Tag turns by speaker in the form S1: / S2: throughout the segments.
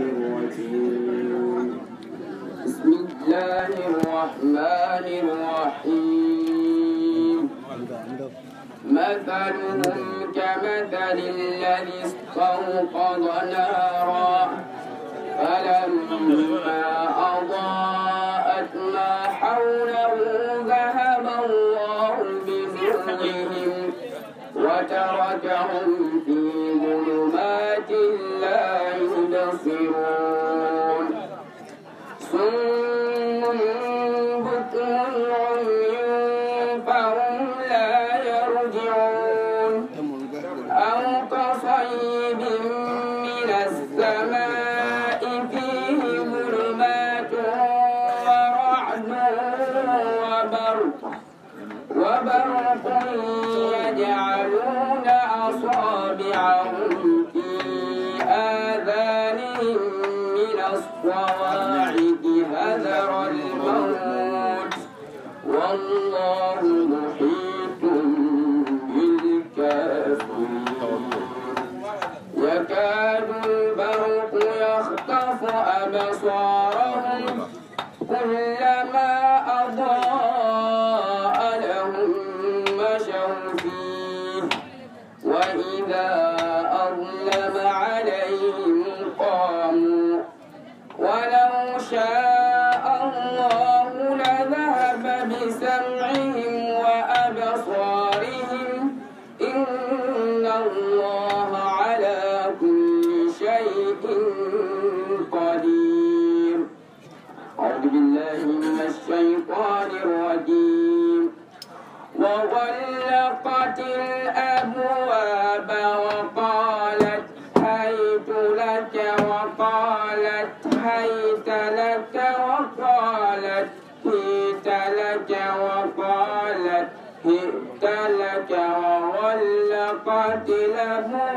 S1: الرحمن الرحيم بسم الله الرحمن الرحيم مثلهم كمثل الذي استوقد نارا
S2: فلما
S1: يوم الدين وإذا have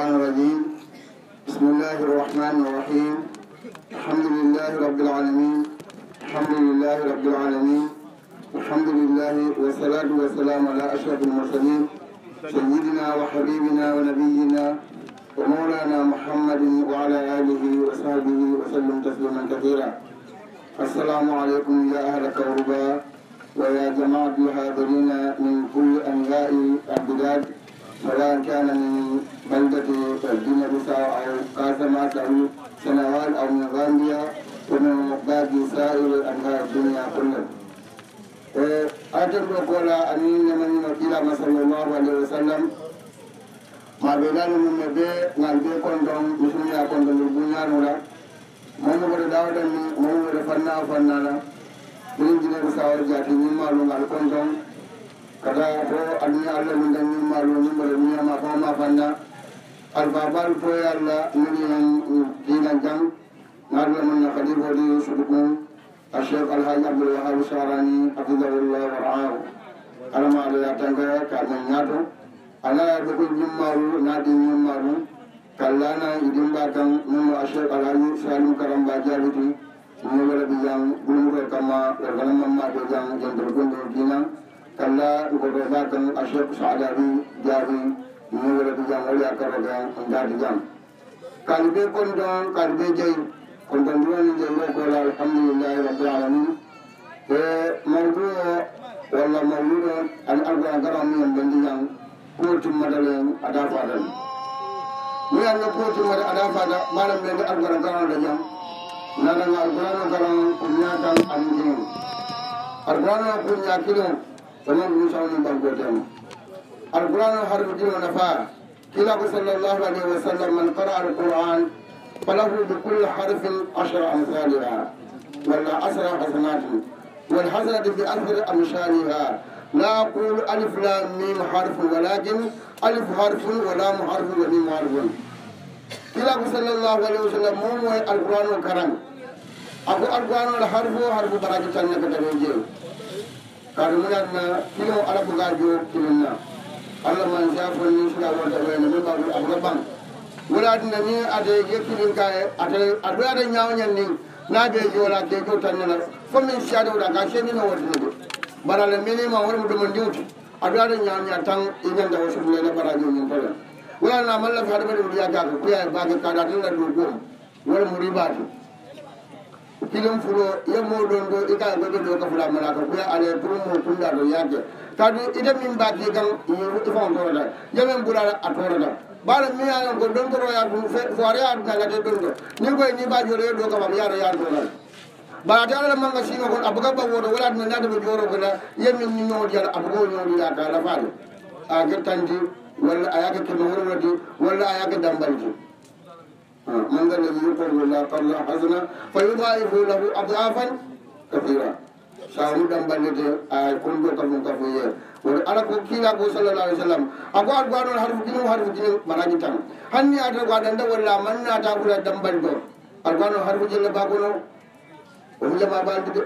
S3: الشيطان الرجيم بسم الله الرحمن الرحيم الحمد لله رب العالمين الحمد لله رب العالمين الحمد لله والصلاة والسلام على أشرف المرسلين سيدنا وحبيبنا ونبينا ومولانا محمد وعلى آله وصحبه وسلم تسليما كثيرا السلام عليكم يا أهل كوربا ويا جماعة الحاضرين من كل أنحاء البلاد ولا كان من بلدة فردين بساو أو قاسمات أو سنوات أو من غامبيا ومن باقي سائر أنها الدنيا كلها أتبقى قولا أمين من ما صلى الله عليه وسلم ما ɓe من mum ne be ngal be kondon misumiya kondo ngel buñanula moni wode dawɗen فرنا moni wode fanna o fannala ɗin jineɓe sawar jati ñimmalungal kala ko almi allah mi dañimmaɗo numbere miyama foma fanda alfa baru poye allah miriyan dina jang naɗuya mon na khalifode sudu kon a cheikh alhaji abdoulwahabu sarani hafidahullah wa raahu alama alaya tanga kaɗa ñaato alaya ɗoko ñimmaru naɗi ñimmaru kallana idimba kan numo a cheikh alhaji salim karamba jabiti ñowala ɓi jang ɓulmuɗo kamma ɗo ganamammaɗo jang jantol gondol dinan kalla gobe ba kan ashar sa'adabi jari yura da jam wala ka roga anda da jam kalbe kondong, don kalbe jai kon don duwan je mo ko la alhamdulillah rabbil alamin e mardu wala mawluda al arba garam yang ben yang ko tum ada fadan ni an ko tum ada fada malam ben arba garam da jam nana ngal garam garam kunya kan an سلام نشان من بعدهم القرآن حرف جل نفع كلا صلى الله عليه وسلم من قرأ القرآن فله بكل حرف عشر أمثالها ولا عشر حسنات والحسنة بأثر أمثالها لا أقول ألف لا ميم حرف ولكن ألف حرف ولا حرف وميم حرف كلا صلى الله عليه وسلم مو القرآن الكرم أقول القرآن الحرف حرف بركة الله kaɗo mbaɗatna ɗino ala ko gar joo kilenna allah ma jafon ni sila wonta wayno min mbawɗo aɓuga ɓang wulatna ni ada yekkilin ka e ata aɗo ada ñawñan ni naɓe joola ke jo tannana fo min siyadewɗa ka seenino wontinogo mbaɗala minima wonmo ɗuma diwti aɗo ada ñawña tan inanda o sobulene mbaɗa jomin tala wulatna mallafi haɗa mbaɗi mbiya kako kuya bake kaɗa tanna ɗo gom wonmo ribati hilin furo ya mordo ndo ika ga ga ga fura mara ka buya are pro mo kunda do yage tadu ida min ba ki gan yi wuti fa ndo da ya men bura a toro da ba da mi ya ga don toro ya bu fe ko are ya ga ga don do ni ko e ni ba jo re do ka ba ya ya do da ba da ala man ga shino ko abuga ba wodo wala na da bu joro gona ya min ni no dia abugo no dia da la fa a ga tanji walla ayaka kemo wala ayaka dambalji min gandi mi yuppatgo la parla hasana fa yudaifu lahu adafan kafira sa muɗam ballete a konjo kafum kafu yeer wode ala ko kiilako sallallah alih w sallam ako ad gwanon harfudinum harfudinum maraji tan hanni ata ko aɗanda walla mannata ɓura dambalgo ad gwano harfujelle bakono o hullema baldude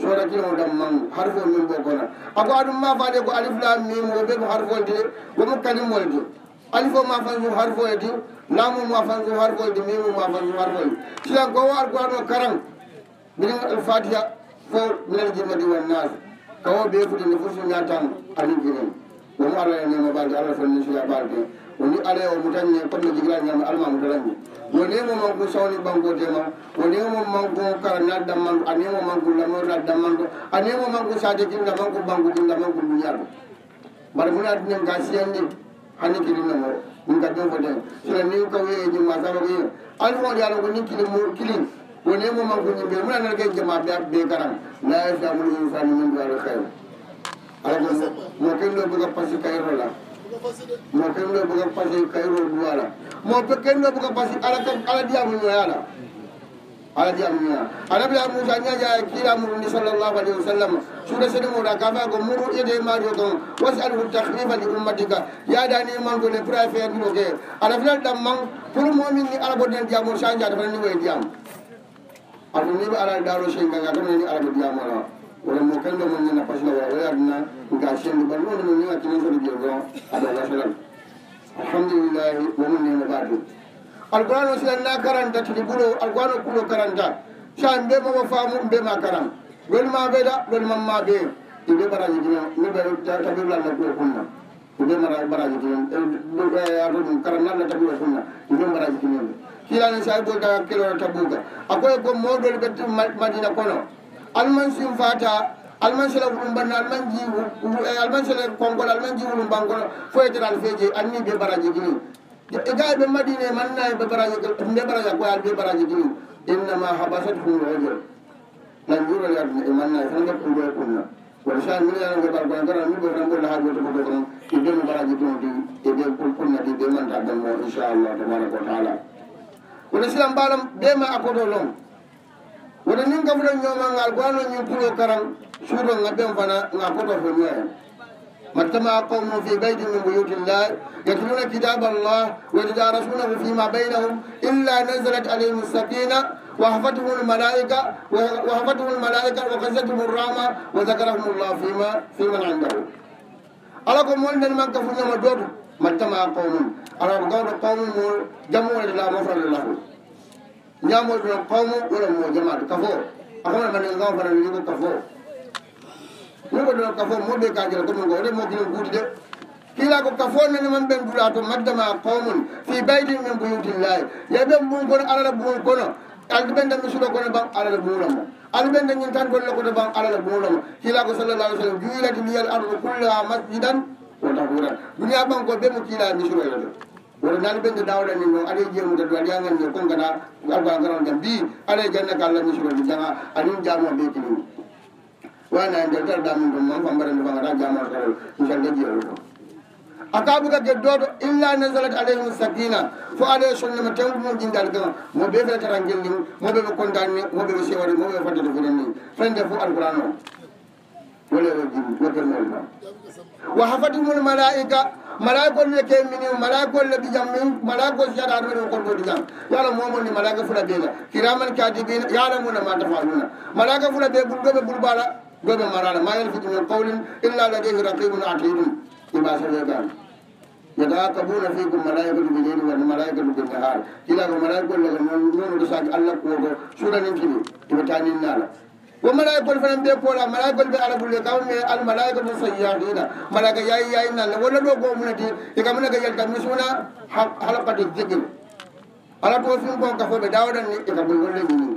S3: sodakino ɗam man harfo min bo kona ako aɗum ma faade ko aliflamim o ɓe mo harfolde womo kalimolde alifo ma fan sum har foyedi namu ma fan sum har foyedi mimu ma fan sum har foyedi silan ko war karam karan minin alfatiha fo minal di wan nas kawo be fude ne fusu nyatan alin mo wani ala ne ma balde ala fanni sila ale o mutan ni ko panno jigila nyama alma mutanne wani mo e mo ko sawni bango de ma mo mo ko dam man ani mo mo ko dam man ani mo mo ko sade jinda man ko bango jinda man ko dunyar bar munat ne ni ani kiri na mo nka don fo den sira ni ko ye ni ma sa ko ye an fo ya ko ni kiri mo kiri ko ne mo ma ko ni be mo na ke jama be be karam la ya e sa mo ni sa ni min do ala kay ala ko mo ken do buka pasi kay ro mo ken do buka pasi kay ro du mo pe ken do bu pasi ala ka ala dia mo ala ala di amuna ala ya kila murundi sallallahu alaihi wasallam sura sene mo kafa go muru ya, ide mario don wasalu takhrifa li ummatika ya da ni man go le prefer ni roge ala dam man pour mu'min ni ala bodan jamu sanja da ni way diam ala ni ba ala daro shinga ga ni ala diam ala wala mo kan do man na pasna wala na ga shin ban no ni ni wa tinin so di go ala salam alhamdulillah wa min mabadu alqouran o silanna karanta tini ɓuuɗo alqouran o kuuɗo karanta sa mbe mama faamu mbema karan lol ma beeda lol mam ma bee i ɓe baraji dina tabirlalla kuo kunna ɓe baraji dinaaum e, e, e, karannalla tabiro kunna ɓe baraji dinae silane sa goda kelora tabuga a koye gom mowdol ɓe madina kono alman sim fata alman sela wulum banno alman ji alman sela konngol alman ji wulum bankono foyetera alfeeje anni ɓe baraji dini ƴette ga ɓe madine manna bebarajobebaraja koyal bebaraji ɗi innama habasat hum ojo nan juro yaduna e manna tan gatɗuɗo kunna wata sa miniyanogebargoagara miɓo tan ɓolla hajotokoɗoon e ɓe mbaraji ɗum e e ɗi e ɓe kunnaɗi ɓe manta gammo inchallah tabaraka wa taala wota silam mbaram ɓema akoɗo loon wota nin kafuɗo ñomalngal gowano ñin puro karan suuɗo ga ɓen fana ga koto fo ñoyen واجتمع قوم في بيت من بيوت الله يتلون كتاب الله ويتدارسونه فيما بينهم إلا نزلت عليهم السكينة وحفتهم الملائكة وحفتهم الملائكة وغزتهم الرامة وذكرهم الله فيما فيما عنده ألكم ولد من كفر يوم دوت مجتمع قوم على قول قوم جمع لا مفرد له نعم قوم ولا جمع كفور أقول من الغافر اللي كفور numbaɗo kafoo moɓe kajala gomon go remo kino guuɗi de hila ko kafoo nane man ɓen duɗa to maddama komon fi baydin men ko yewtin laayi ye ɓen ɓum kono alala ɓumon kono alde ɓen dammi suɗo kono ban alala ɓumuno mo ala ɓen dañin tan gonno kono ban alala ɓumuno mo hila ko sallallah alih sallam juwilati miyal ardu kullaha masjidan wotahuran duniya ɓan ko ɓe mo kiila mi suro e yeɗo woto naali ɓende dawɗani noon aɗa e jeemude do aɗa yangandi e kon gata agua garan jam mbi aɗa jannaka allah mi suro mi jaga anin jamo ɓe kilimi wana jeltere damumɗummon fambaren ɗumaata jamatoo jelde jeelu ɗo akaɓuga geddoɗo illa nasalat alayhim sakina fo alaya sonnama tengumum ɗingal gama mo ɓefere tatan gelli mo ɓeɓe condamne mo ɓeɓe sewari mo ɓeɓe faddata fiɗenni fende fo alquran o wolere jimi wokkermel ma wa hafatumul malaika malaikolle kemini malaikolle ɓijam min malaiko siyataɗoɗe koɗɗodi kam yaala momonni malaika fula ɓeena kiramal kadi ɓena yaalamuna ma tafaluna malaika fula ɓe ɓurɗoɓe ɓurɓala goɓe marana mayen fi ɗumen qawlin illa ladayhi raqibun ati ɗum ima sefegan yetakabuna fikum malaikatu ɓe jeeɗi wanno malaikatu gonne haala jilako malaikol laga nonoɗo saki allah koto suranintini ɓe taninnala wo malaikol fanan ɓe poola malaikol ɓe arabule kamɓe almalaikatu sayyahina malaika yayi yayi nalla wolla ɗo gomunati ekamunaka yalta misuna halakati jegel ala to fin ko ka fo ɓe dawɗanni ekaɓe wolle ñinin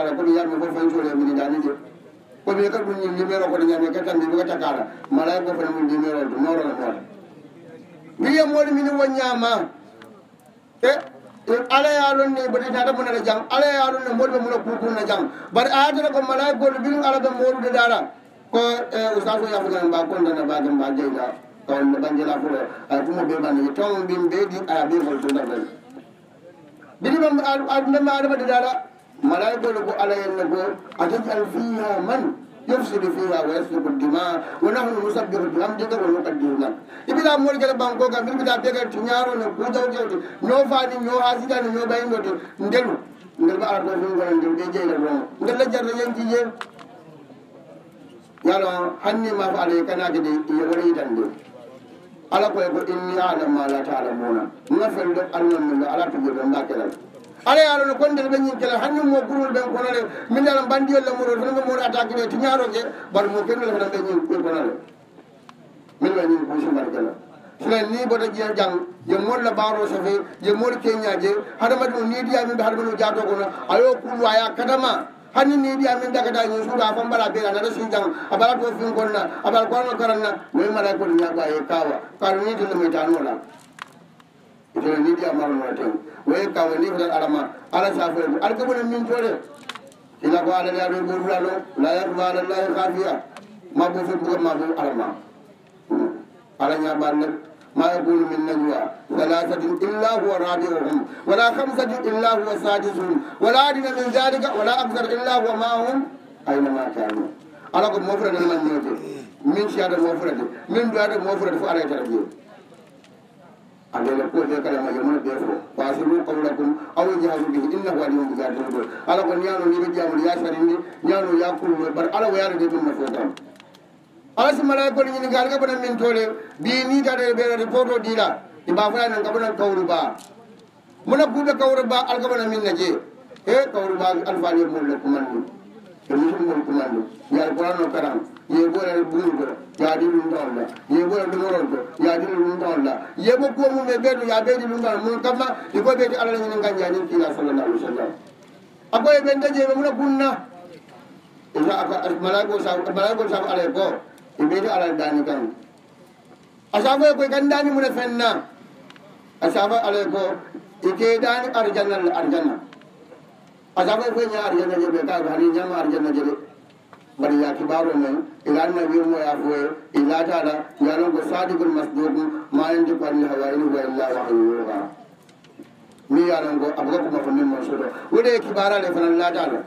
S3: ala komi yarmi fof fancoolemini dani de komi kadi ɗum numéro kono ñami kettanmi mi gatta kala malaya ko fana mum numéro to norona moora mbiyamoɗo mini won ñama e alayaɗon ne boɗi tata munata jang alayaɗon ne moɗiɓe muna kukurna jang bare adata ko malaya gollo ɓin alaga moruɗe dara ko ustaso yafugan mba gondana bage mba jeyda kawne banjela fo ay fumo ɓe ɓane ton ɓin ɓeeɗi aya ɓe holtodaɓa biɗimam adndema aɗa waɗi dara malaygole go alayenne go atajal fiha man yofsidu fiha wa yasliku dima wonahnu nusabbiru bihamdigar wonukaddiruman ibila morgele bankoga mbirbita begal to ñarone kujawjewde ñofani ñohasitani ñoɓayimo to ndelu nder ɓe arato fimgona nder ɓe jeyle ɗon nder lejjarde yenki je yalo hannima fo alay kanake de yeworeyitan de ala koye ko inni alam ma la taalamuna nafelɗo allahmillo ala tujeɗo mbakelal ala yaalo no gonndel ɓe ñin kela hannum mo gurol ɓen konale min ala mbanndiyolle muro tono ɓe mori attaque ɓe tiñaaroje baɗo mo kenndole kadan ɓe ñin ɓe konale min ɓe ñin kusimbat kela silen ni boɗo ƴiya jang yo molla baaro sofe yo mori keñaje haɗa mbaɗi mo niidiyamin ɓe haɗa mbaɗi mo jaato kono ayo kulluwaya kadama hanni niiɗiya min dakada ñin suuɗa fo mbaɗa beeɗa naɗa sin jang a ɓalato fin konna a ɓala kono karanna noyi mbaɗa kodi ñaɓɓa he kawa kaɗo ni tinno mi tanoɗa jono nidi a maro noo tew woye ka woni ko tan alama ala sa foye ala ko bone min toore ina ko ala laaɗo ɓorula noo la yaruma ala llahi hafiya ma bo fo bugo ma fo alama ala ñaɓar ne ma yaguno min nañuwa salatatin illa huwa radiohum wala hamsatin illa huwa sadisuhum wala adina min dalika wala aksar illa huwa mahum aynama kano ala ko mofrade nomañnoote min siyata mofrade min duyata mofrade fo alaytara jeeu andele pote kalama yomono ɓe fo wasi mum kaw rabbum awo jahaɗum ɓehi inna ho waɗiyomo gardinugol ala ko ñano niɓe ƴamuɗo ya sarinde ñano ya kulugol bat ala o yarude ɗum no fotan alasi malaye goɗo ñini gar gabonan min tole mbi ni gadere ɓeerade poto ɗiɗa ɗi mbafoyanan gabonan kawru ba mona guɓe kawru ba algabonan min naje e kawru ba alfaniyomolle kumanɗum ko nimɗugol kumatɗum yaar gorano karam yo goraɗe ɓuurgo e yaadi ɗum tawolɗa yo gora ɗumorolgo e yaadi ɗum ɗum tawolɗa yo ko kuwa mum e ɓeeɗu ya ɓeydi ɗum tawa mum kamma i e ko ɓeydi alah ñene gañja ɗin kiila sallallah alih wa sallam a koye ɓen dañe ɓe muna gunna malagol sago alaye go e ɓeydi alah dani kan a safoye koye gandani muna fenna a safa alaye go i keedani arjanal arjana azabe ko yar yene je be kar hari jamar je na je bari ya ki baro men ilan na bi mo ya ko ila ta da yaro ko sadiqul masdud ma en je parni hawa ilu ga allah wa huwa mi yaro ko abga ko ko men mo so do wede ki bara le fana la ta do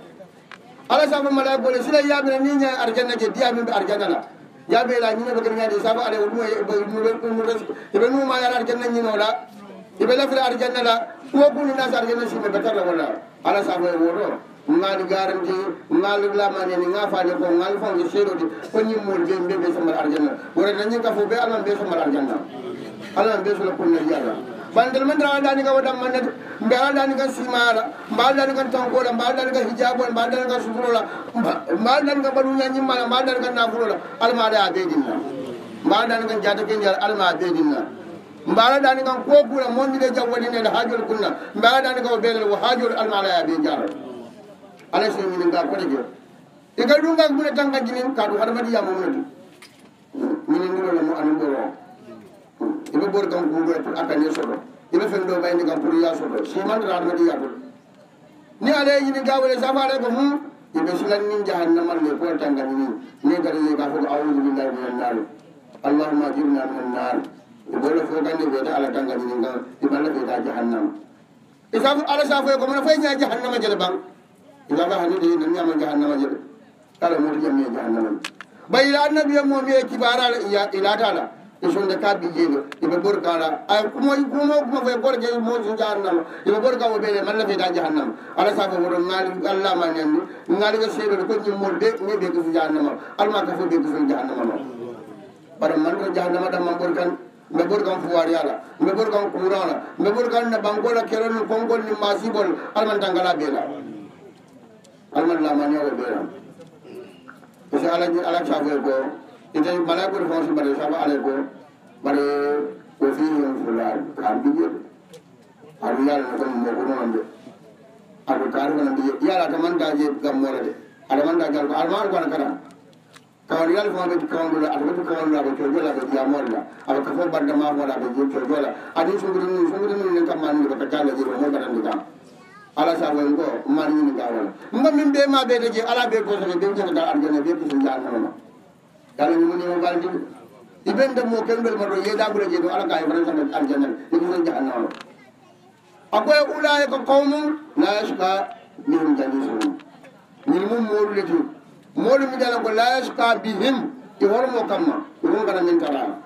S3: ala sa ma la ko le sile ya men ni nya arjana je dia men arjana la ya be la ni na bakin ya de sa ba ale wu mo e mo re ko mo re ibe mo ma yar arjana ni no la ibe la fi arjana la ko ko ni na arjana si me betar la wala ala sago e wuuro ngaalu garanti ngaalu lamane ni ngafani ko ngaalu fo ngi serodi ko nimmol be be be somal arjanna wora nanyi ka fo be ala be somal arjanna ala be so la ko nyaa yalla bandal man dara dani ga wadam man net be ala dani ga simara mba dani ga tan ko la mba dani ga hijabon mba dani ga sufuro la mba dani ga banu nyaa nimma mba dani ga na fuuro la ala ma da be dinna mba dani ga jada ke nyaa ala ma be dinna mbara dani ngam ko bula mondide jam woni ne hajul kunna mbara dani ko be le hajul al almala ya be jaar ala so min ga ko de je e ga dunga gura tanga jinin ya ka do harba diya mo mutu min ngol mo an ngol e be bor kan gura to aka ne so do e be fen do ni ngam pour ya so do si man ra ma diya do ni ala yini ga wala safare ko hum e be sulan nin jahannamal le ko tanga ni ne ga le ka ko a'udhu billahi minan nar allahumma ajirna minan nar gole fo dande wede ala tangadinga iballa ɓeeta jahannama isaf ala safoye komana fo ña e e jahannama jele ban isafa hande de nan ñama jahannama jele ala moti ƴammie jahannama je bay ila annabi yemmo mbiye kibarala iya ilatala isonde e ka bijeɓe yoɓe ɓor kala a kumo kumo kuma foye gorje moso jahannama yoɓe ɓor ka woɓeɗe malla feeta jahannama ala safo woto ngali allamani anni ngaliɓe seeɗoɗe ko ñimmoɗ ɓe ne ɓe kiso jahannama almaka fo ɓe kiso jahannama ma baɗa manto jahannama ɗamman ɓor kane meburgan fuwariyala meburgan kurala meburgan na bangola kero nu kongol ni masibol alman tangala bela alman lamanya go bela isa ala ni ala chafu go ite malakur fonsi bare sabu ala go bare kofi yon fulal kambi go arunyal na kum mokuno nande arunyal na kum mokuno nande iya la taman kaji na kawri yal fon ɓeɗi kawrula aɗa ɓeɗi kawrula aɓe cojola aɓe jamolla aɓe ko fo badda mafola aɓe jir cojola adi sugri mum sugri mum nen kam manni ɓe ko talla jiro mo mbaɗandi kam ala sagoen ko manini gawala mba min ɓe ma ɓe ala ɓe kosoɓe ɓe kosoda arjana ɓe koso jahannama yala mi munimo baldi iɓen demo kengel maɗo yeɗagure je ɗo ala kaye fana sama arjana e koso jahannama akoye ulaye ko qawmum la yasuka mihum jalisuhum min mum moluleti mawlimi dala ko layaska bi him i hormo kamma ɗum kana min tarana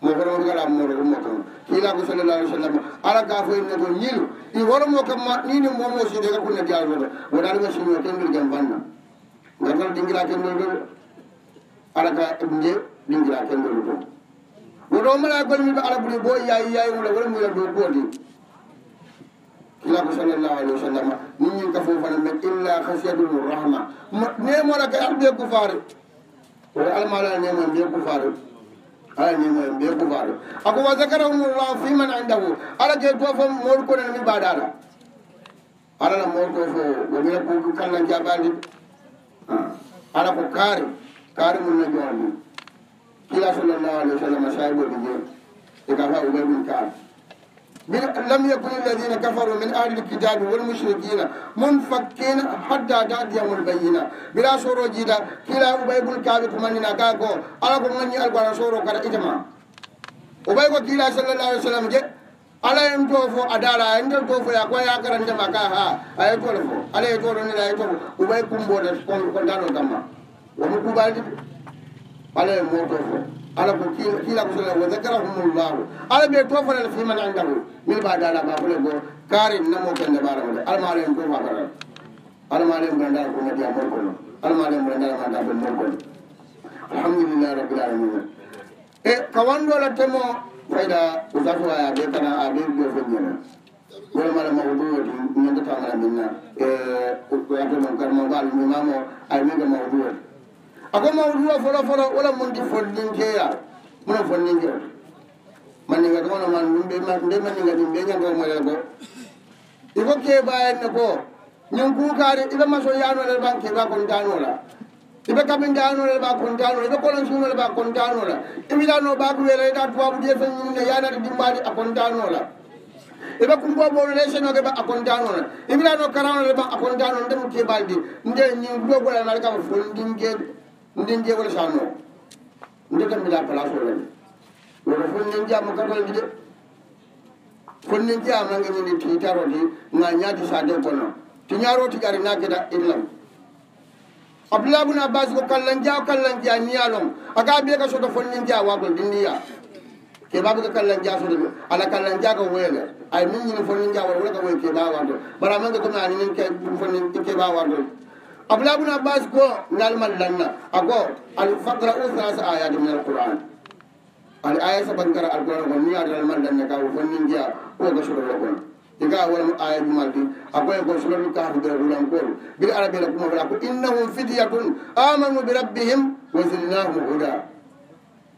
S3: mo hormoɗo gala moro ummo kam ila ko sallallah alih w sallam ala ga fo en nego ñilu i hormo kamma nini momo sede ka ko nebi alfoto woɗani ko sino kenbel jam banna gartal ɗingira kenbel ɗo ala ga nde ɗingira kenbel ɗo woto malaa gonmiɓe ala ɓuri bo yayi yayi mula wolemuyla dow goodi ilaaku salallahu alihi wa sallama min ñin ka foofana men illa hasiyatum rahma neemola kay ala ɓee gufaare oy almaala ala neemoyen ɓee gufaare ala neemoyen ɓee gufaare a ko wa zacarahumullah fi man indahu ala ke to fo moolu konene mi baaɗaala alala moolu to fo womina kuu kallanjaɓaali ah, ala ko kaari kaari mum na joonni ila salallahu alihi wa sallama sahibo ɓe jeen e ka fa ubay ɗum kaari min lam yakun alladina kafaru min ahli lkitabe wal mushrikina mun fakkina hadda da diyamol bayina bira soro jiida kila ubay bul kaɓe komandina ka go ala ko manñi alkoara soro kata itama ubay ko kila sallallah alih w sallam je ala yen to fo a dara a yentel to fo ya ko yakarandema ka ha a yetole fo ala yetoro nel a yetoo ubay kumbode kontano gamma womi kuɓaldiɓe ala yen moto fo على كيل كيل أقول وذكرهم الله على ما توفر في من عنده من بعد على ما أقول له كارين نمو كان دبارة على ما عليهم كوفا برا على ما عليهم برا دار كوفا ديا مركون على ما عليهم برا دار ما دار بالمركون الحمد لله رب العالمين إيه كمان دولا تمو فيدا وزاتوا يا بيتنا أبيب جو في الدنيا ولا ما لما وضوء من تطعم على منا إيه وكم كرم قال الإمام أو أيمن كم وضوء akoma ruwa fola fola wala mondi fonninkeya mono fonninke manninga tomonoman nde manninga ɗin ɓe ñantomoya ko iko kebayenne ko ñin kukari iɓe maso yanole ɓa keɓa contanola iɓe kamin ganole ɓa contanola iɓe kolonsunole ɓa contanola iɓitano ɓaɓuwela ita tuwaɓuɗefeñinne yanata dimbaɗi a contanola iɓe kumbo ɓolole senoke ɓa a contanola iɓitano karanole ɓa a contanola ndemo kebalɗi nde ñin kuɗo golanaɗ kaɓa fondinkede ndin jeegol sanno ndekam mbila place oɗon woto fon nen jeyama gatolde de fon nen jeyamange mini titarode ma ñaadi sade gonno ti ñaaro tigari nageda illam abdoulah bune abbas ko kallan jeya kallan jeya niyalon aga ɓeega soto fon nen jeya wagol din niya kebaɓe ko kallan jeya soto ɓe ala kallan jeyaka woyele ay min ñini fon nen jeya wol wolaka woy keba wardol baramange komi anin fon ke keba wardol abdoulahbune abbas go nalma lanna a go al fakra ufrasa ayade min alquran ala aya sabankara alquran ko miyade nalma lanna ka fonni jeeya ko gasorolo kon ega wolam aya dumaldi a goye go sorolu kafidira rulankoolu bir arabila kuma fala ko innahum fidiyatun amanu bi rabbihim wazidnahum huda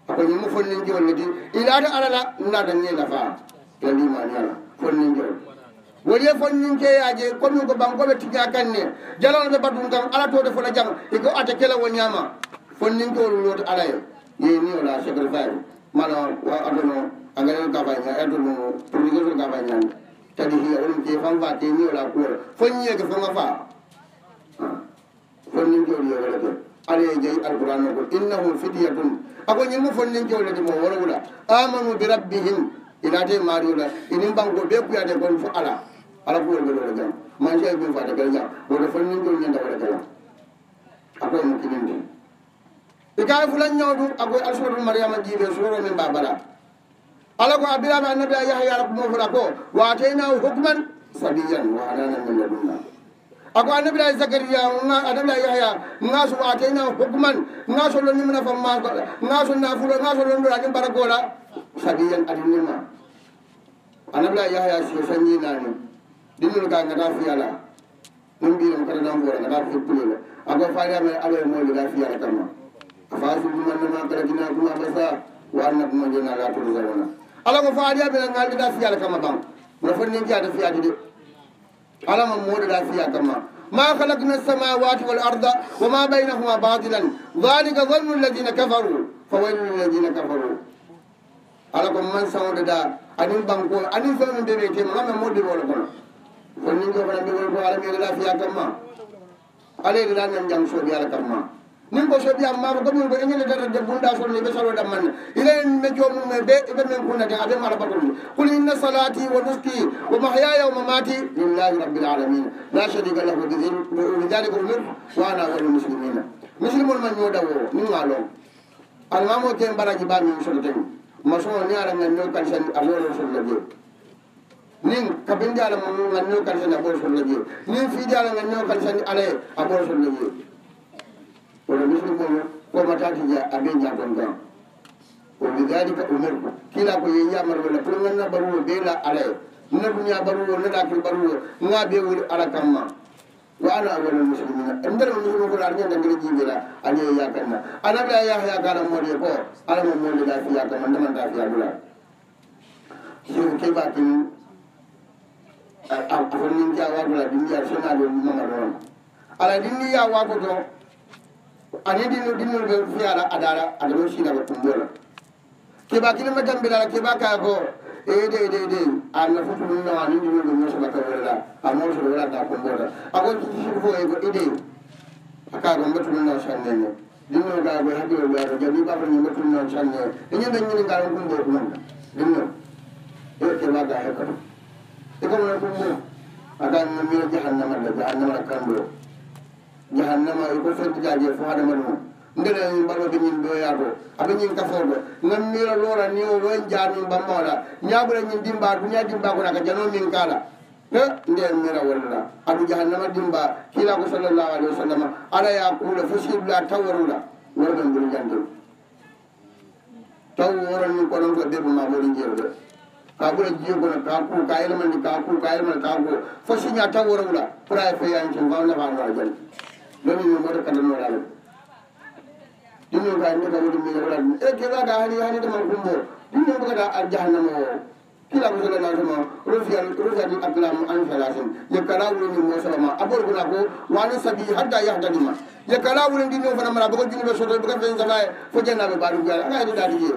S3: a ko ñimmo fonni jewol leti ilata alala nnata ñe nafa tandimaniala fonni jewol woni e fonñin jeeyaaje commune ko bangoɓe tigi akanne jalanoɓe baddum kam ala tode fola jam eko ata kela woniyama fonninkewolunoto alaye yeni ola sacrifice mala wa adono agaren kafañ adono prigoso kafañan tadi hiya onum ke fan fa teni ola kuwora fonñiyeke fonga fa fonninkewoluyogolake alaye jeyi alqouranogol innahum fidiyatun ako ñimmo fonninkewolede mo wora wula amanu bi rabbihim ilate mariola inin bango ɓe kuyade gon fo ala ala kuwol ɓe ɗole jam manca e ɓe fata ɓe jam woto fonningol ñanda waɗa kalam akoye mo kinindi i kaye fulan ñaw du akoye alsotul mariama jiiɓe soro min babara ala ko abiraɓe annabi a yaha yara kumo fota ko wateynaw hukman sabiyan wa ananan min ladunna ako annabi la zakariya Na, annabi la yahya nga so atena hukman na, so lo nimna fa ma nga so na fulo nga so lo ndo ani barakola sabiyan adinima annabi la yahya so sanyi nani dilino ga gata fiyala mum ɓino kata namboore gata fettulelo ago fariama aloye moƴo ga fiyala tamma a fa sudumandema kala kinakuma basa wa annabumajona ga tonzawona ala ko faariya ɓe ngalde ga fiyala kamma ɓan mono fo nen kiyata fiyade de alama moɗo ga fiya kamma ma halakna samawati wal arda wa ma baynahuma batilan dalika zannu alladina kafaru fa waylul ladina kafaru ala ko man sawdeda anin banko anin fewno ndeweteme ngamme moddeɓe wola kono on min kofona ɓegol fo ala mega lafiya kam ma ala ye lanam jang sooɓi ala kam ma min ko sooɓiyam maa ko min ko eñene darra debbunɗa sonne ɓe salo ɗammanne ilayen mecomume ɓe e ɓe e min kunnaten aɓe marabatol qul inna salati wa nuski wa mahyaya wa mamati lillahi rabbil alamina la sharika lahu bidalik umir wa ana wal muslimina muslimol ma ñoɗawo min ma loo almamo ke mbaraji ba min soɗo ten maçon ni ara ngannio kalisani a lolo sollaɓe nin ka bindi ala ngannio kalisani a ɓoro sonnabi o nin fiidi ala ngannio kalisani alaye a ɓoro sonnabi o wono misli mum komatati ja a ɓe jagon gam o bidalika umar kila ko ye yamar wona pour ganna baruwo beela alaye na duniya baruwo nadakil baruwo nga be wori ala kamma wa ana awana muslimina e ndar muslimo ko arnya ndar ngi jibira ani ya kanna ana bi ya ya kala modi ko ala mo modi da fi ya kanna ndam da fi ya bula yo ke ba kin an ko nin ta wa la din ya sona lo mo na ron ala dini ya wa ko ani dini dini no be fi ala adara ala mo shi na ko tumbola ke ba kin ma gambe la ke ka ko e de de de an na futu no ani dini no mo so ba ka wala an mo so wala ta tumbola ago shi ko e ko ide aka ron ba tun na shan ne ni ba ko ni mo tun na shan ne ni ne ni ga ron e يقول لك شيء أكان من جهنم الله جهنم أكان بلو جهنم يقول سنت جاجي فهذا منو ndere ni balo be nyin do yago abe nyin ka fodo ngam mi la lora ni o ron jani bamola nyaabula nyin dimba du nya dimba ko naka jano min kala he ndere mi la wala adu jahannama dimba kila ko sallallahu alaihi wasallam ala ya kula fushibla tawarula wala ngul jandul taw woran ni ko non ko debu ma wori jerde ka ɓura jiyogono ka ku ka yelmandi ka ku ka yelmandi ka ku fo siña taw rawla pour ay feyani ten mbaw nafanora jan ɗomi mi mbaɗa kadanoɗa ɗum ɗinno ka ndeka woɗi mi rawla ɗum e kelaga hani hani tama kumbo ɗinno mbakata ar jahannama o kila ko sala nasoma rofia rofiadi abdoulahmu anfelasin yekkala wurondi mo sowama abor gona ko wano saabi hadda yahdadima yekkala wurondi no fana mara boko jinɓe soto boka fe saka fo jannaɓe baɗo guyal aga yeɗo daɗi ƴe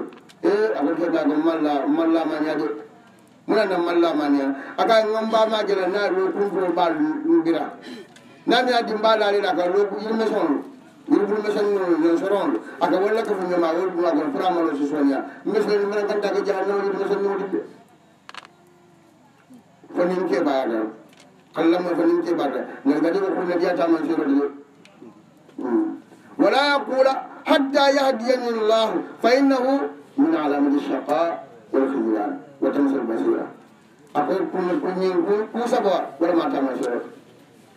S3: e, e agokeɓa ko malla mallamañade muna na malla mania aka ngomba ma jela na ro ku ko bal ngira na mi adi mbala le la ka lo ku ilme son ilme me son no soron aka wala ko nyoma wol la ko fura ma lo so sonya me son mena kan ta ko no ilme son no dibbe ko nim ke ba ga allah ma ko nim ke ba ga ne ga de ko dia ta man so do wala يقول hatta yahdiyallahu fa innahu min alamil الشقاء والخذلان وتنسى البصيرة أقول كل كل من كل سبعة ولا ما تمشي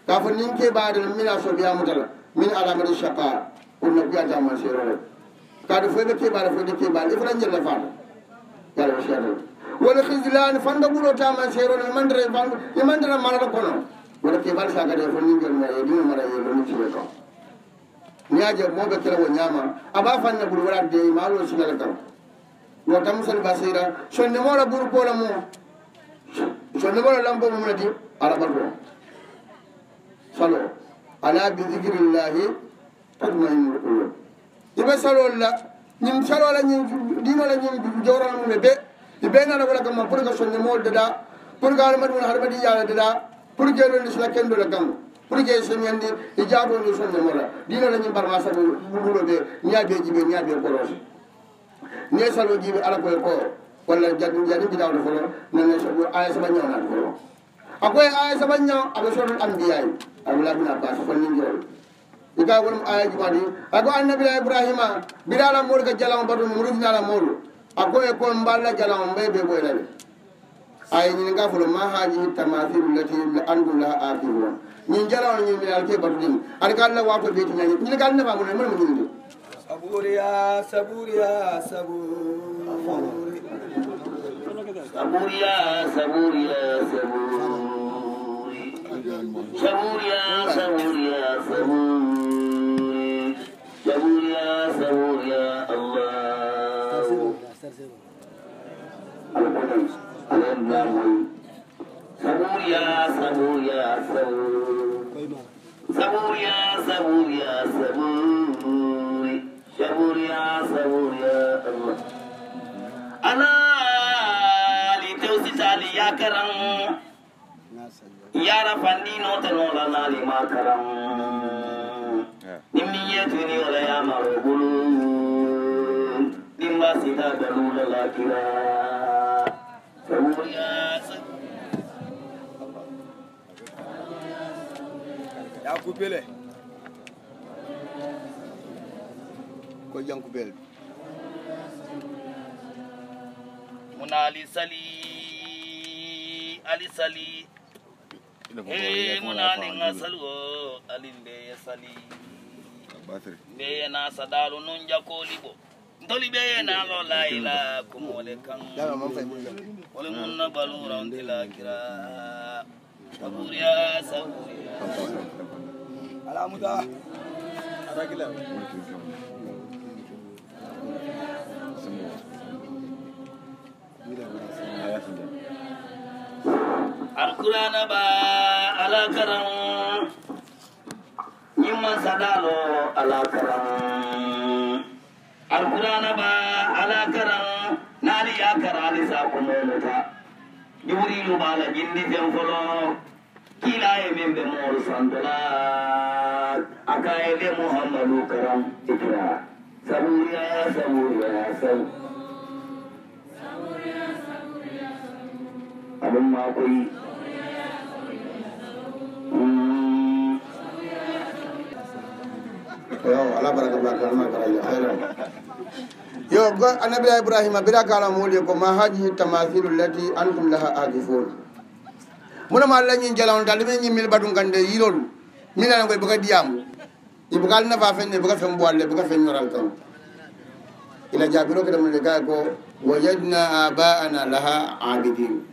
S3: كافر نينك بعد من أسوبيا مدل من علامة الشقاء ونبيا تمشي كاد فوق كي بعد فوق كي بعد إفران جل فان يا رشاد والخذلان فان دبولو تمشي ولا من در فان يمن در ما نركونه ولا كي بعد ساكر يفون نيجر ما يدين ما يدين نشيبه نياجة مو بكرة ونياما أبا فان نبولو ولا دي مالو سنالكم yo tamusol basira sondemoola burkola mum sondemoola lampo mum nati alaɓaɗo salo ala bidicrillahi tatmahimulkulo iɓe salolla ñim salola ñim ɗimala ñim jorana mum e ɓe iɓe nana wala kamma pour que sondemool deɗa pour que alamaɗi mon haɗamaɗi yaala deɗa pour que ɗonde sola kendola kam pour que semiendi e jaatoni sondemoola ɗinola ñim barma sa wuuroɓe ñaabeji ɓe ñaabe koroɓe nesano jiɓe ala koye ko walla jaɗi jiɗawde fono nane asaba ñawnade fono akoye asaba ñaw aɓa sotol ambiyayi awladuna bas fonni jol i ka wonmo ayaji ɓaɗi ako annabila ibrahima biɗala moolu ka jalamo baɗu muruginala moolu akoye ko mballa jalamo mbay be ɓoyɗade ay ñini ga folo ma haaji hitta ma fi lati andu laha afiron min jalano ñin mbiɗala ke baɗu ɗin aɗa ka alla wato beeti ñañi ñini ka alla nafa mone e, mone mo ñinide
S2: Saburia, saburiya saburia. Saburia, saburia, saburia. ya saburiya ya saburiya saburiya ya Saburia, ya saburia. Saburia, ya saburia. Allah. saburiya ya ya Sabur ya sabur ya Allah. Ana li tewsi tali ya, ya no tanola na li ma karam. Ya. Nimmi yetu ni wala ya marubulu. ya ya. ko yankubel bi muna ali sali ali sali eh muna ali nga sali o ali mbe ya sali mbe ya na sadalu nunja ko libo ntoli be ya na lo la ila kumole kan wala mun na balu raundila kira saburiya saburiya alamuda kila. alkurana ɓa alakaram yimma saɗalo alakaram alkurana ɓa alakaram nani yakarali sakumonuta yuriru ɓala jindi ten folo kila e min ɓe moru sandola aka ele muhammadu karam ikra sabuuri aya sabuuri aya sabu abin ma koyi
S3: yo go annabila ibrahima bira kala mooli ko ma hajihi tamasilu lati antum laha agifun munama alla ñin jalawno tal ɗumen ñimmil baɗum gande yilolu minana koye boka diyamu ibuka al nafa fenne boka fen bowalle kau ila jabiro kedamule gay ko wajadna aba'ana laha abidin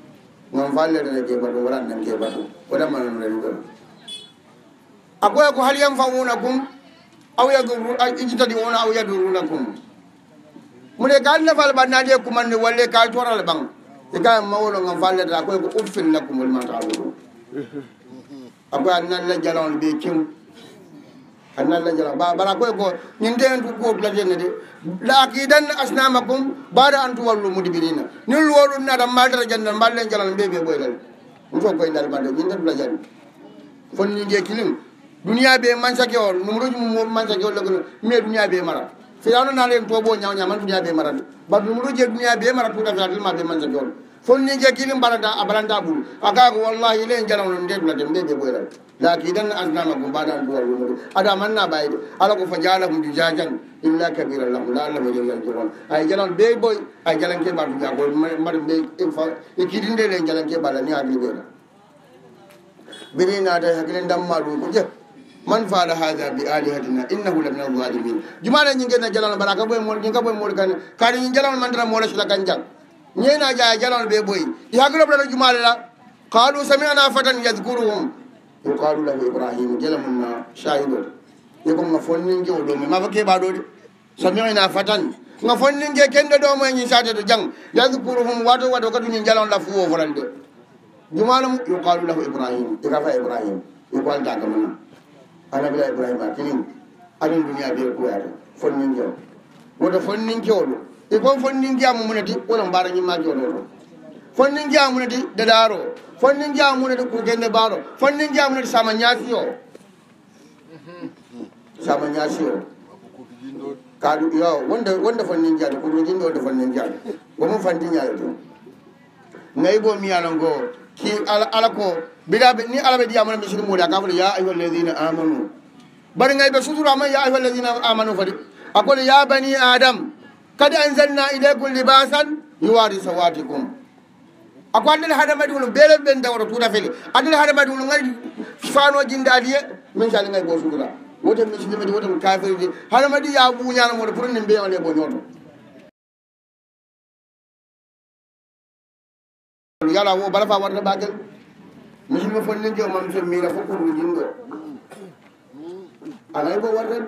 S3: gon fallerene jeba ɗum waɗannen jeba ɗum oɗamanan renuɗon a goya ko haliyam fa wona kum awyaiji tadi wona aw yadu runa kum mune gaal nafal ɓannadi e kumanni walle ka coral ɓan e ga mawolo gam fallerta koye ko uffinna kumol mantaɗo ɗum a goya nalla jalawon ɓe kim annalla jala ba bara koye ko ñin den ko gladene de laaki danne asnama kum baada antu wallu mudibirina nin luwolum nada maltara jandan mballen jalan mbe ɓe ɓoyɗal mfo koye ndar mbadde ñin tat blajani fon ñinde kilim duniya ɓe mansake o numero ji mum mansake o lagono mais duniya ɓe mara firano nanen toɓo ñaw ñaman duniya ɓe marade bat numero ji e duniya ɓe mara tuta fiatilma ɓe mansake ol fonni jekkimi mbarata a baranta ɓuru a kako wallahi len jarano ndedula dem ɓe ɓe ɓoyrat laki dan asnama ko mbaɗan duwar wonnude ada manna ɓayde ala ko fo jalahu du jajan illa kabira lahu la allahu jallal jogon ay jalan ɓe boy ay jalanke mbatu jako mbaɗa ɓe e, e kidinde ɗe jalanke mbaɗa ni hagli ɓeɗa biri nata hakkile damma ɗum ko jeh man faala haha bi alihatina innahu lamin alzalimin jumaɗe ñingena jalano mbaɗa kaboye moɗ ñinga boye moɗi kane kaɗi ñin jalano mandira moɗa sula kan jang ñeynaji a jalano ɓe ɓoyi i hakkiloɓɗano jumale la kalu sami ana fatan yadkuruhum e kalu lahu ibrahima jele mum na shahido e ko ga fonninge o ɗomi mafa keɓaɗo de sami ina fatan ga fonninge kenɗe ɗomo e ñin sateto jang yadkuruhum wato waɗo kadu ñin jalano la fu o foralde jumalemu yo kalu lahu ibrahima e rafa ibrahima e kaltakamana anabila ibrahima kinin aɗan duniya ɓe kuyata fonninge o woto fonninke o ɗo e kon fonni jiyamu munati wono mbaro ñimmaji o ɗoɗo fonni jiyamunati deɗar o fonni jiyamunati ko gende mbaro fonni jiyamunati sama ñaasi o sama ñaasi o kaɗu yo wonde wonde fonni jiyade koɗo e jinɗo wonde fonni jiyade gomo fanti ñaade to ngayi bo miyano ngo ki ala ko biraɓe ni ala ɓe jiyamuna misiru muɗa ka fota ya ayuha alladina amanu bari ngayi ɓe sutura ma ya ayuha alladina amanu fadi a kota ya bani adame kadi anzalna ileykum libasan yuwari so wati kum ako andene haade maɗi wono beelen ɓen dawata tuuta feli andene haade maɗi wono gari fano jinde adiye min cale gay gosugura wote misilimadi wotem kafirdi haade maɗi ya ɓuñanamoɗo pour ne mbewale bo ñooto yala wo bala fa warta ɓakel misilima fo nen jeo mamsen mira fo kurɗo jinɗo alay ko wartan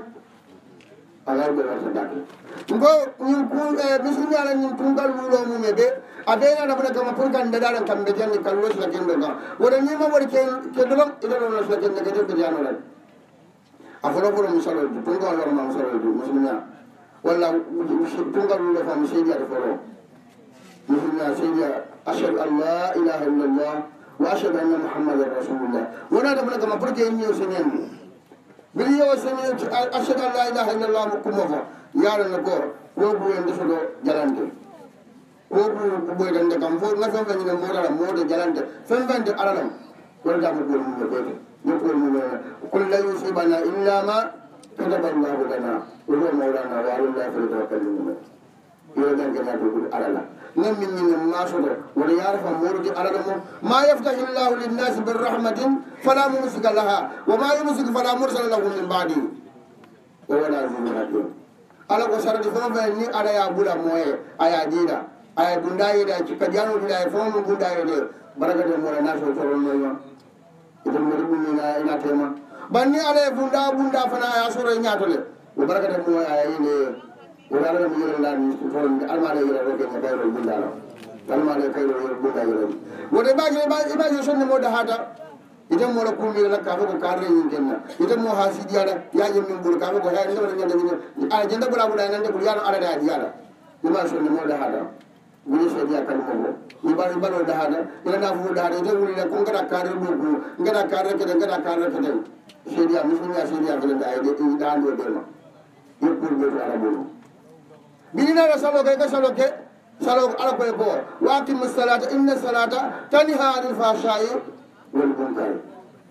S3: bo min kuuɓe misuru ala min tungal wuuromume ɓe a ɓeynana fota kama pour kan mbeɗaɗan kam ɓe jangi kallo sila kenɗo kam woto mima woɗi ke dolon iɗaɗono sila kenɗo kete ɓe janoɗan a foto foto musalol du tungal warma musalol du musulmia walla tungal wuuro fa misiiɗiyaɗe foto musulmia seiɗia ashadu an la ilaha illallah wa ashadu anna muhammadan rasulullah wonata fota kama pour ke inni o senen mbiɗa yewa semine ashhadu an la ilaha illallah mukkumma fo yarana goo wogu en desuɗo jalande wogu ɓoydande kam fo na fen feñine mboɗala mowde jalande fen fende aralam wondama ɓoy mum ɓoyde la yusibana illa ma kataba llahu lana wa huwa mawlana wa alallah falitawakkalmumen yo jangenatuɗuɗ arala min min ñimen maatoɗo woto yarafam morude alana mum ma yaftahi llahu linnasi bi rahmatin fala mumsika laha wo ma yumsiku fala mursala lahu min baadi o wona jumiraɗo ala ko sarde fofe ni aɗaya ɓula moye aya ɗiɗa aya gunda yeɗa kadi anoɗiɗa e fofmo gunda yeɗe baraga de mora nato toronnoyma eɗen mbaɗi ɓumina ena tema banni ala e bunda bunda fana aya soro e ñatole o baraga de moye aya yine woni alaa mi yiren laani toone almaade yira reke ne kayrol bindaala almaade kayro yira binda yirani wode mbaagile image sonne mode haata itan mola kumbira lakka foto kareñin kenna itan mo ha siɗyaɗa yaƴen min ɓuuro ka foto ha ndeɓata ñande ñ ala jenda ɓura ɓuɗa nande ɓur yaano arade adi yaala image sonne mode haata ministre ya kadi mo mi baɗo dahaɗa ilana fofo dahaɗa ite wurire ko ngeɗa kare ɓoku ngeɗa kare keten ngeɗa kare keten chedia mi sonia chedia felenda ayi ɗaanɗo ɓema yeppurɓeto ala ɓoru mininaɗa saloke ka saloke saloko ala koye ko waqimu salata inna salata tani ha anil fachai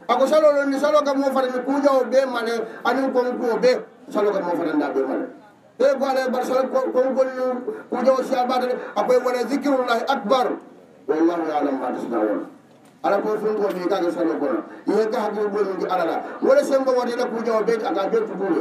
S3: ako salolo ni saloka mo farani kujawo ɓe male anin konkuo ɓe saloka mo farani da ɓe male e ko ala bar sal konkon kujawo si abata akoye wona zicrullahi acbar wallahu alam batasna wona ala ko funko mi kake salokona yeka hakkilo ɓomigi alala wona sembo wadeɗa kujawo ɓe aka ɓe tuɓuɓe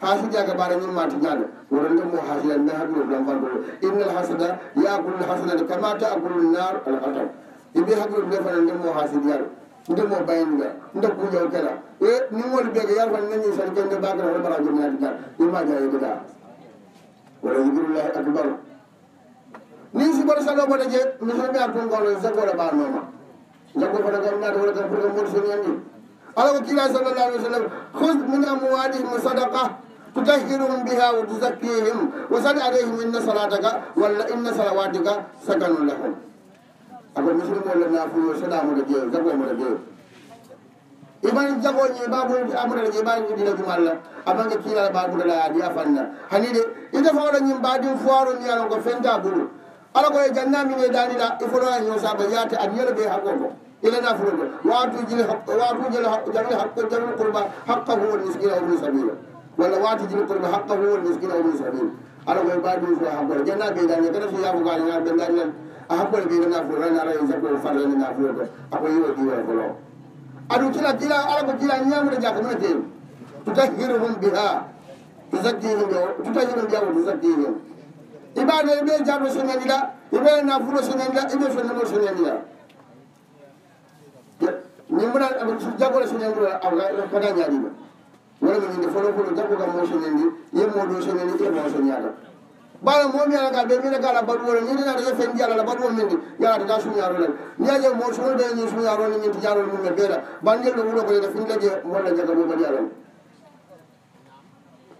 S3: hasidiaga ɓara nur mati ñaaɗo worondemo hasidani haɗuro ɗan fanɗo o innal hasada yakulul hasanani kama taakulul nar alhatam eɓi haɗuro ɓe fana ndemo hasidiaɗo ndemo bayinga nde kuƴaw kela e nimoli ɓeega yarfan nañi sankende bakara rabara jomnati ñaaɗo imaja yegeda wala jibrillahi acbar ni sibota saloɓona je misoɓea tungolo sagoɗa ɓanoma jago fota kam nade wala kam pour ko moɗi soniandi ala ko kila sallallah alih wa sallam hus mun amu waɗi mo sadaka tutahirum biha wa tuzakkihim wa sal alayhim inna salataka walla inna salawatika sakanum lahum aɓa misilmole nafuyo saɗamoɗe jeeyo jagomoɗe jeeyo imani jagoñe baɓude amuɗere ƴe ɓaɗi ɗiɗaju malla aɓange kiilal baɓudela adi a fanna hani de ida fawɗañim mbadin foiro mbiyano ko fenta buɗo ala koye jannamine daniɗa il faut ɗoa ñosaba yaate an yele ɓe hakko ko ila nafuro ko watujil watujel jagle hakko jagle kurba hakkahu wonni sikila wonni sabila walla watuji ne pote haɓɓa ko woni miskina o e musa min ala koye mbawi musa haɓɓore janna e ɓeydani kada so yaafo gaani ha ɓendani nan a haɓɓore ɓeyda nafu rana e rayi sa koo farlani nafu yoto ako yiwa ɗiwa folo aɗu tila jila ala ko jila ñamude jaka mune teen tutahiruhum biha tusaddihim o tutahiruhum biha o tusaddihim ibaade ɓe jaɗo so nandi ɗa ɓe nafuɗo so nandi ɗa ɓe so nanɗo so nandi ɗa min mbuɗa jagole so nandiɗo a kada ñaɗima wolɓe ɗinde fono fono jaɓɓogal mo sonendi yemmoɗo sonendi ƴemmo sonñaata bala mo mialagal ɓe mbiɗa gala baɗuwolo ni ɗenaɗa yefen jialala baɗuwol minde yalata ta sumñarolen miyaƴe mo sono deñi sumñarole min to jarole mumen beeɗa bandirɗo wuuro ko yeta finlaje molla jaga mumen yalan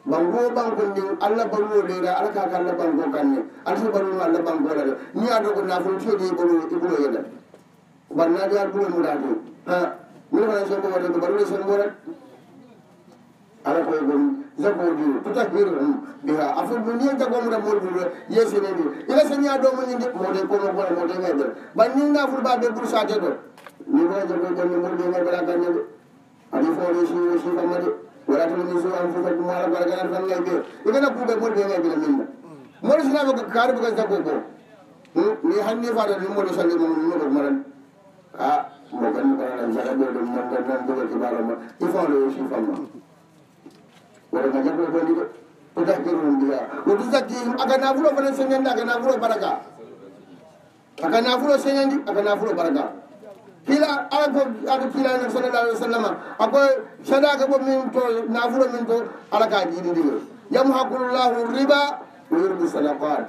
S3: bangoo banko ndin allah baɗuwo leyda alakaka allah bango ganne alaso baɗuwo ma allah bango lata miyado ko nafon tiyodi baɗuwo e iɓuro e yeda bannaɗi ar ɓuro mudato ha mino kona sonko wadeko baɗuɗo sonkoran ala koye gom jagodir totahir um biha afirmu ni jagom remmoldir yesene di ila sañia domo ñinde mode kono kono mode ngeder ba ninga fur ba ɓe bur sade do ni ko jago gonne morɓe ngar gala gagne de aɗi fore si si famma de waɗatmi so an fofa dumala gara gara tan ngay ɓe igana kuɓe morɓe ngay bila min da moɗo sinaɓe kaari bogan jago go ni hanni fata ni moɗo sange mo noko maran a mo ganni baraɗan jaga ɓe ɗum mandannan bogati balama i fore si famma woto gajaɓe gondiɓe ota gerol ndiya woto zaki aga nafulo fone soñandi aga nafulo baraka aga nafulo soñandi aga nafulo baraka pila alako ada pilane salallah alih wa sallama ako sadaka ɓo min to nafulo min to alaka jiɗi ndiwe yamhakullahu riba o yurbi sadakat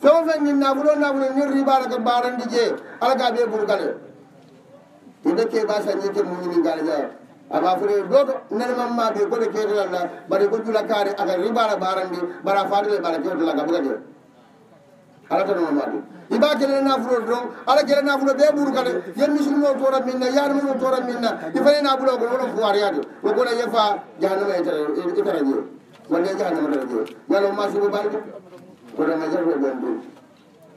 S3: fewo fe ñin nafulo nafulo ñin riba alaka mbarandi jee alaka ɓe ɓurgale ide ke basañi ke muñini ngalejaa aɗa wafo rewe ɗoto nene mamma ɓe goɗe keetelalla mbaɗe go ƴula kaare aga ribara baran de mbaɗa fadele mbaɗa keetelal ga ɓugaƴe ala tano mamma ɗum iba gelene nafulode ɗon ala gele nafulo ɓe ɓuuru kade yen misuɗumo tora minna yaanumuɗo tora minna ifani nabulogo wono fowaryade o gona yefa jahannama itara e ƴeyo e wonde jahannama tara ƴeyo ñalomma sobo balɗe kodema jeto ɓen ɗum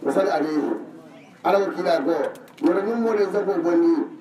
S3: o sali aleyhi ala ko kiila goo yoto ñummole sako bonni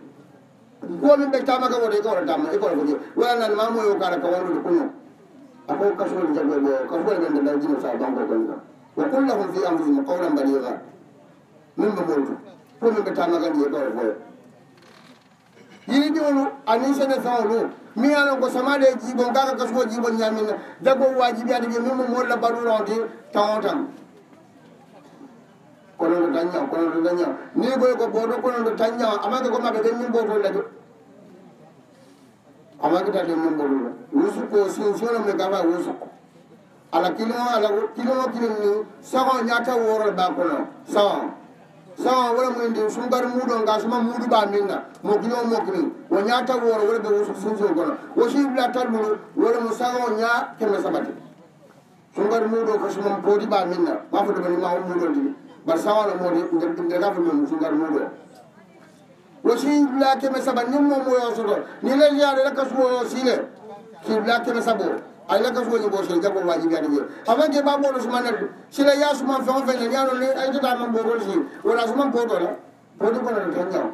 S3: komin ɓe tama kam woto ikawata tama ikoto koƴe wanan mamoyo kara ka wawrude kuno ako kasuwoli jagoɓe kasuwoli ɓende dardino sa banko kon ka wa kullahum fi anfusim qawlan baliga min ɓe moltu komin ɓe tama kadi ikoto foyo yiiɗiolu anin sénétanlu mi ano ko samaɗe jiibon kaka kasuwo jiibon ñamin jagowajiɓi adeɓi min ɓe molla baɗuronde tawo tan kononɗo dañña kononɗo dañña ni goy ko goto kononɗo tañña amayko ko maɓe ɗen min ɓoto laƴo amayko ta ɗen min ɓoto la wusukko sunsonomne gafa wusukko ala kilimo ala kilimo kilim ni sawa ñata woro bakono sawa sawa wala mu ndi sumbar muɗo nga suma muɗu ba minna mo kilimo mo kilim wo ñata woro wala ɓe wusuk sunson kono wosiɓla talɓulu wala mu sawa ña keme sabati sumbar muɗo ko suma podi ba minna ma fotoɓeni ma o muɗo ndini bar sawala moode ngadaf men sungar muɗo lo sibla keme saba nin mo moyosoto ni lejade laka suwoyo sile sibla keme sabo ay laka suwoñi bo sile jabo waji mbiyata ge avant ke ba ɓoɗo suma nadu sila ya suman fego fene ñano ni ay jota man ɓogol si wona suman potola poti konano ten ñaw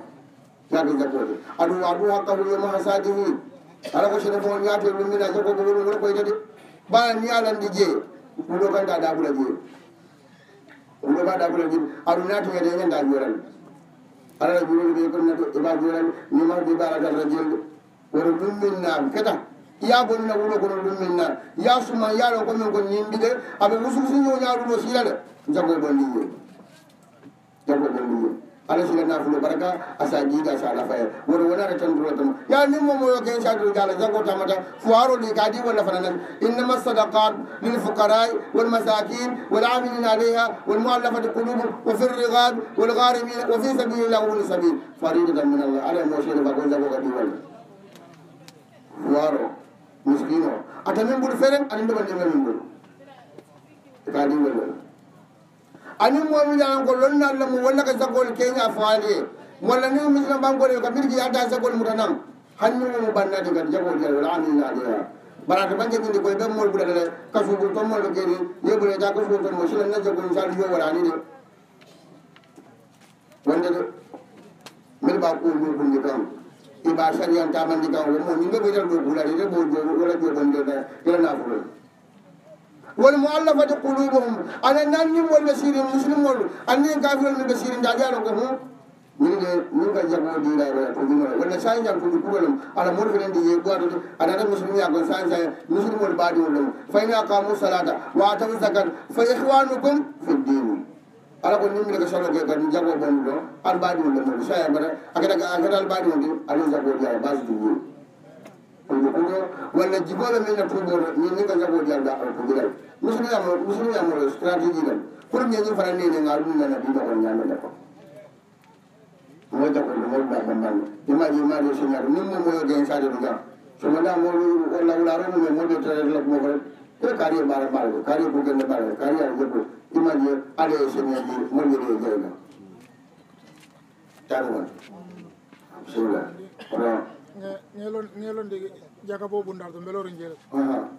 S3: yaɗo jabode adu adu hakkahuyema ha sadi wi ala ko sene fogol ñatel lumina jagogo wolo ngoro koy tadi ɓa ni alandi jee ɗuɗo kanta dabula jee ɗo mbaɗa ko laɓiɗo aɗu naato kadi wenda joran alaa juroɗo ɓe kon nato ɓe mba joran mimaɗo ɓe mbaɗagal radiolɗo woto ɗum minnaam keta ya bonna wuuro kono ɗum min naan ya suma yaaɗo ko min kon yimɓiɗe aɓe usuusu ñoñaaɗuɗo siila de jaggo e bonndi yo jaggo e bonndi yoo ala sila nafolo baraka asa jiga sa ala fayo wona wona ra tan duro tan ya ni mo mo ke sa duro gala zango tamata fuaro ni ka di wala fanana inna masadaqat lil fuqara wal masakin wal amilin alaiha wal mu'allafat qulub wa fil righab wal gharimin wa fi sabilillah wal sabil faridatan min allah ala mo shele ba gonza ko di wala fuaro miskino ata min bur feren ani ndo ban min bur ka di wala ani momiñanko lonnal la mum wallaka sagol keña faale walla ni misna ɓangole ka mbiɗ ki yadda sagol muta nan hannimomo ɓannade kadi jagol jal walaaminaɗea barata banje ɗinde koye ɓen mol ɓuɗatale kasugol tonmolɗo keni yeɓureta kasugol tonmo silanna jagol sal yo warani de wonde de mbiɗa ɓa kuurgol ɓumde kan iɓa sariyantamandi kan womo ni ɓeɓoytal ɗo guulade de ɓo jo wala jo gonde ilanafulol wonmo allah fati kuluɓo hum ana nannimol basiri muslimol anni gafirol mi basiri jaadi aloko hum minde min ka jagodiraoumol wonno sa jagkudi kuɓolum ala morfinende ye ɓoadoto adata muslimi yakon sa sa muslimol baɗimolum fayni akamu salata wa atau zakat fa ihwanukum fi dini ala ko nimmi ka soloke kadi jago bomɗo ar baɗimolum sa bata akeɗa albaɗimode ala jagodiya base du wuro kundo walla jiboɓe min no tuɓoto min ni ko jaɓoɗi yalda ala ko gilal musuluyamo musuluyamolo stratégie ɗam pour ñañi fana nene ga ɗum nana ɗi jagol ñamede ko mo jagol mo ɗa gombanno imaji imaji sinaro min mo moyode en sade ɗo gam somo da mo walla wularo mumen moɗo teretlak moko e kariye ɓara ɓarde kariye ko gende ɓarde kariye aɗa jebbo imaji aɗa ñelonde jaka bo ɓundar do mbelore jeela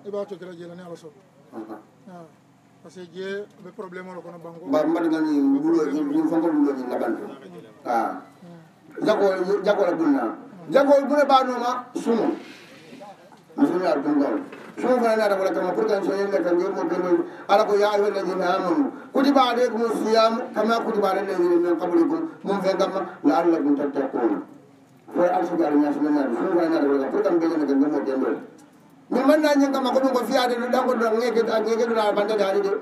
S3: e ɓa cokira jeela ne ala soo par ce que jee ɓe probléme ola kono banko mbaɗgani ɓuloñin fongol ɓuloñi labanta a jagol jagola ɓunna hmm. jagol ɓune mbanoma sumo mi somi ar gongol sumo fananiata wala kama pour kan soñele kan jomo gendo ala ko yaweda jinamamu kuti ɓaade kumo suyamu kama kuti ɓaade ne wiri men kaɓoli gom mum fe gamma la allah gum tatta kono fo alsugaru ñasumenaade fuuganaaa pour kam geñenege ngumo ten ɗo mi manna ñengama ko ɗum ko fiyade ɗo ɗangoɗoa ngeegeɗoɗa mandade haade de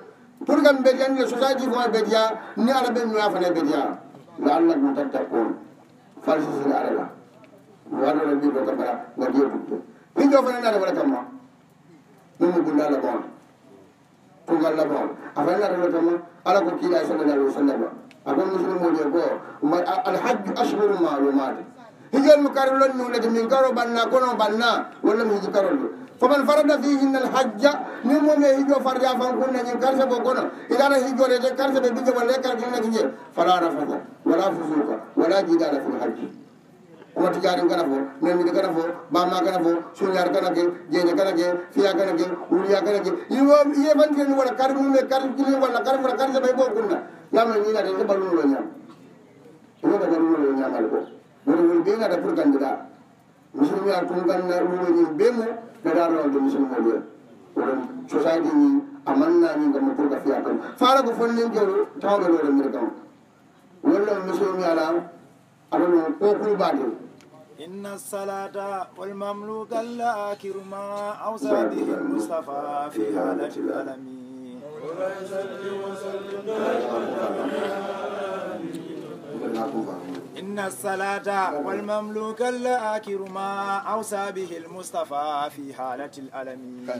S3: pour kam mbeɗiyanni sosaji fo mbeɗiya ni ara ɓe miwafane mbeɗiya la allah mo tatta koon falsisiga arala waɗoɗo mbiɗo kamara gadiye bugde min jofananaata wala kamma min mi gunda allah bon kogal la bon afananaata wala kamma ala ko kiiɗa sallallahu alih wa sallama a kon musulumoji e goo alhajju ashhuru malumate hijolmi karolon mi wulete min karo banna kono banna walla mi hiji karol ɗon koman farada fi hinnal hajja min momi e hijo farja fan kunnañin karse bo kono iɗana hijolete karse ɓe ɓiƴo walla e karkinaki je fala rafaja wala fusuka wala jiɗala fil hajji kuma tijarin kana fo nanide kana fo bama kana fo sunyar kanake jeene kanake fiya kanake wuliya kanake yefantireni wala kar mume kar kili walla kar wala kar seɓay bo kunna yamna ñinate se ɓalunoloñam ɓaɗunoloñamal ko wonwoni ɓe gada pour gandiɗa musulmi ar kom ganda ɗuroñin ɓe mo gadaronalde musulmo ɗe oɗon cosadi ni a mannani gamma pour ga fiya kam fara ko fonnin
S2: jeru tawɓe ɗoɗo mbir kam wolla musulmi ala aɗon o kokulbade inna salata walmamluka lakiru ma ausa bihi lmustapha fi halati lalami ولا يسلم وسلم على النبي محمد إن الصلاة والمملوك الآكر ما أوصى به المصطفى في حالة الألم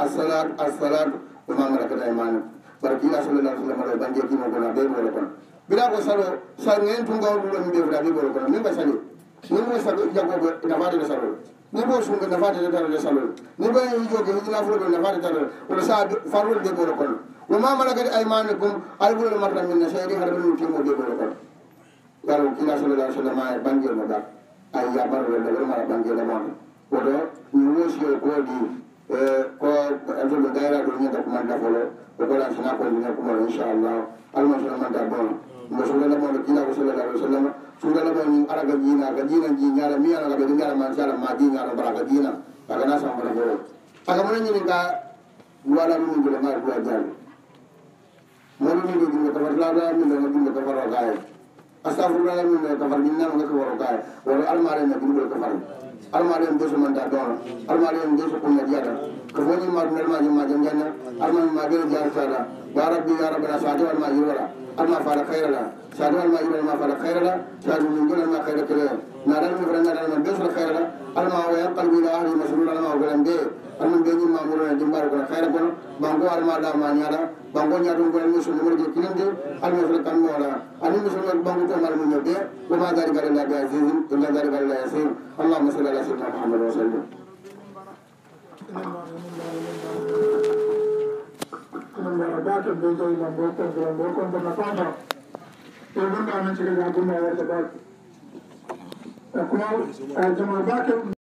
S3: الصلاة الصلاة bara kiila sallallah sallam aɗa bange kima gona ɓe ɓoro kono bila ko saro saro en tun gawo ɗuɗo min ɓefata ɓe ɓoro kono min ba sañe min ko saro jaggoɓe nafade ɗo saro ni bo sumɓe nafade ɗo tarade saloo ni bo joge hijina fuloɓe nafade tarade oɗo saa farol ɓe ɓoro kono o mamala kadi aymane kum ay ɓuɗol marta min ne seyri haɗa ɓen timo ɓe ɓoro kono gar kiila sallallah sallam a bangel mo ɗa ayya barole ɗe ɓeɗo mara bangel e moɗo oɗo mi woosi o gooɗi ko ado do dara do nyata kuma da folo ko ko lan sana ko ni kuma insha Allah al masala man da bon mo so la mo do kina ko so la do sallama so la mo ni ara ga dina ga dina ji ngara mi ara ga be ngara man sala ma di ngara bara ga dina aga na sam bara ko aga mo ni ga wala mo ngula ma do ajal mo ni do ngata farla da mi do ngata farla ga astagfirullah mi do ngata farla minna ngata farla ga wala al mare na ngata farla almaɗo en besu manta dona almaɗo en besu kummet yadan ko foñimmaɗo nelmaji majom jannan almaima ɓeo jaro sada ya rabbi ya rabbana sadew alma yurwala alma fala kayrala sadew alma yurwala ma fala kayrala sadu min jonalma kayra kireo naɗalmi fra naɗalma besuta kayrala அருமாவுடைய கல்விதாக இருந்த சுருடலம் அவர்கள் வந்து அருமன் தேவி மாமூரன் ஜிம்பா இருக்கிற கேரப்பன் பங்கு அருமாடா மாஞ்சாரா பங்கு ஞாபகம் குழந்தை சொன்னவர்கள் கிழிந்து அருமை சொல்ல தன்மோட அருமை சொல்வதற்கு பங்கு தான் அருமை நோக்கி உமாதாரி கரையில் அத்தியாசியும் துணாதாரி கரையில் அசையும் அல்லா மசூல் அல்லா சிவா முகமது வசல்லி
S2: Kita membaca berita yang membuat kita membuat kita merasa bahwa kita tidak akan mencari kebenaran. kuma jama'a ba